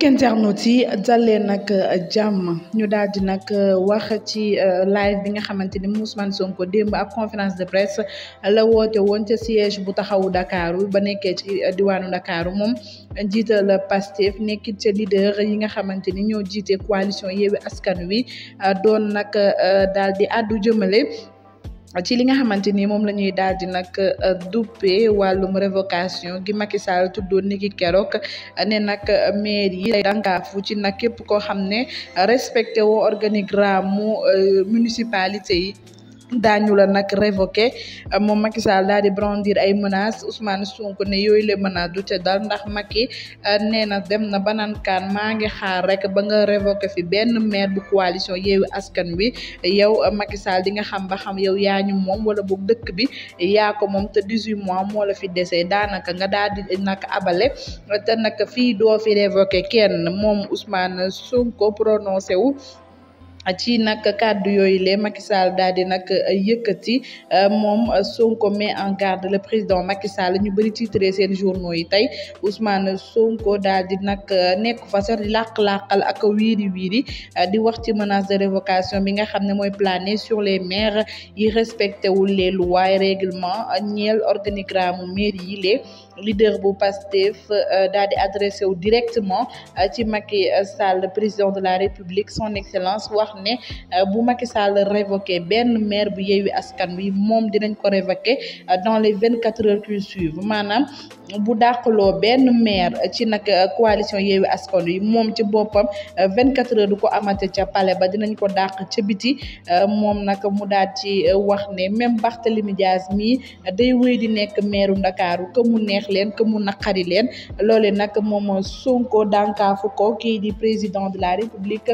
mbokk internautes yi jàllee nag uh, jàmm ñu daal di nag uh, wax ci uh, live bi nga xamante ni mu Ousmane Sonko conférence de presse la woote woon ca siège bu taxawu Ndakaaru ba nekkee ci diwaanu Ndakaaru moom jiital Pastef nekkit ca leader yi nga xamante ni ñoo jiite coalition Yewwi Askan Wi doon nag daal di àddu jëmale ci li nga xamante ni moom la ñuy daal di nag euh, duppee wàllum révocation gi Macky Sall tuddoon ni ki keroog ne nag maire yi day ci nag képp koo xam ne respecté woo organigramme mu euh, municipalité yi daañu la nag révoqué euh, moom Macky Sall daal di brandir ay menaces Ousmane Sonko ne yooyu la menace du ca dal ndax Macky euh, nee na dem na ba banaan kaan maa ngi xaar rek ba nga révoqué fi benn maire bu coalition Yewwi Askan Wi yow euh, Macky Sall di nga xam ba xam yow yaa ñu moom wala boog dëkk bi yaa ko moom te 18 mois moo la fi desee daanaka nga daal di nag abale te nag fii doo fi révoqué kenn moom Ousmane ko prononcé wu. ci nag kàddu yooyu lee Macky Sall daal nag euh, yëkkati euh, moom euh, Sonko met en garde le président Macky Sall ñu bëri titré seen journaux yi tey Ousmane Sonko daal di nag nekk fa sax di làq-làqal ak wiiri wiiri di wax ci menace de révocation bi nga xam ne mooy plané sur les maires yi respecté wul les lois et règlements ñeel organigramme mairie yi lee leader bu Pastef daal di adressé wu directement ci Macky Sall président de la République son excellence wax ne euh, bu Macky Sall révoqué benn maire bu Yewwi Askan Wi moom dinañ ko révoqué euh, dans les vingt quatre heures qui suivent maanaam bu dàqaloo benn maire euh, ci nag coalition Yewwi Askan Wi moom ci boppam vingt quatre heures du ko amate ca pale ba dinañ ko dàq ca biti moom nag mu daal ci wax ne même Barthélémy Dias mi day wéy di nekk maire Ndakaaru que neex leen que mu naqari leen loole nag moom Sonko dànkaafu ko kii di président de la République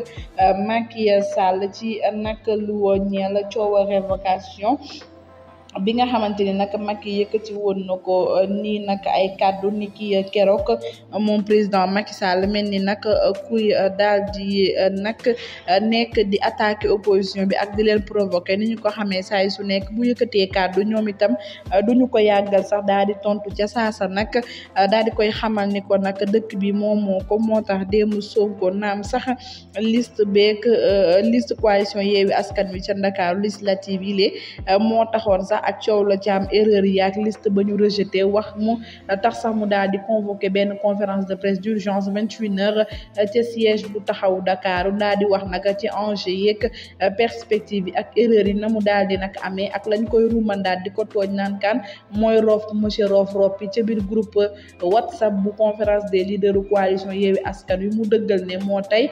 Macky Sall ci nag lu ñeel coowa révocation bi nga xamante ni nag Macky yëkkati woon na ko euh, nii nag ay kàddu ni ki euh, euh, moom président Macky Sall mel ni nag kuy daal di nag nekk di attaquer opposition bi ak di leen provoquer ni ñu ko xamee saay su nekk bu yëkkatee kàddu ñoom itam duñu ko yàggal sax daal di tontu ca saasa nag daal di koy xamal ni ko nag dëkk bi moom moo ko moo tax démb Sonko naam sax liste beeg liste coalition Yewwi Askan Wi ca Ndakaaru législative yi lee moo taxoon sax ak coow la ci am erreur yi ak liste ba ñu rejeté wax mu tax sax mu daal di convoqué benn conférence de presse d'urgence vingt une heures ca siège bu taxaw Dakar daal di wax nag ci enjeu yeeg perspective yi ak erreur yi na mu daal di nag amee ak lañ koy rumandaat di ko tooñ naan kaan mooy roof monsieur roof roof yi ca biir groupe WhatsApp bu conférence des leaders coalition Yewwi Askan Wi mu dëggal ne moo tey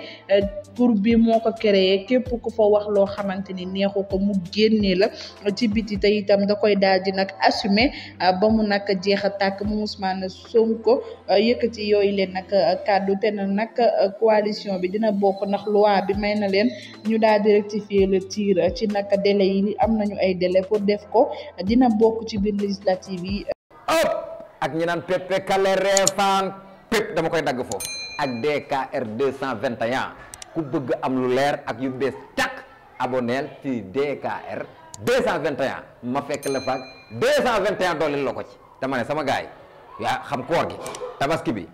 pour bi moo ko créé képp ko fa wax loo xamante ni neexu ko mu génnee la itam da koy daal di nag assumer euh, ba mu nag jeex a tàkk mu Ousmane Sonko euh, yëkkati yooyu leen nag euh, kàddu te na nag coalition bi dina bokk ndax loi bi may na leen ñu daal di rectifier le ci nag délai yi am nañu ay délai pour def ko dina bokk ci biir législative yi. hop ak ñi naan pep kale reefaan pep dama koy dagg foofu ak DKR 221 ku bëgg am lu leer ak yu bees takk aboneel ci DKR. 221 ma fekk la faak dooleel la ko ci dama ne sama gaay yaa xam koor gi tabaski bi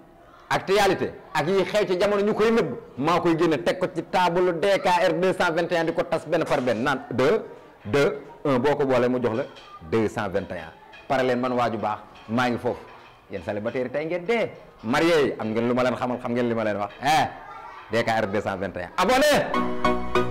actualité ak yi xew ci jamono ñu koy nëbb maa koy génne teg ko ci table DKR 221 di ko tas benn par benn naan 2 de 1 boo ko boolee mu jox la de 221 par leen man waaju baax maa ngi foofu yéen célibataire tey ngeen dee marié yi am ngeen lu ma leen xamal xam ngeen li ma leen wax eh DKR 221 abonné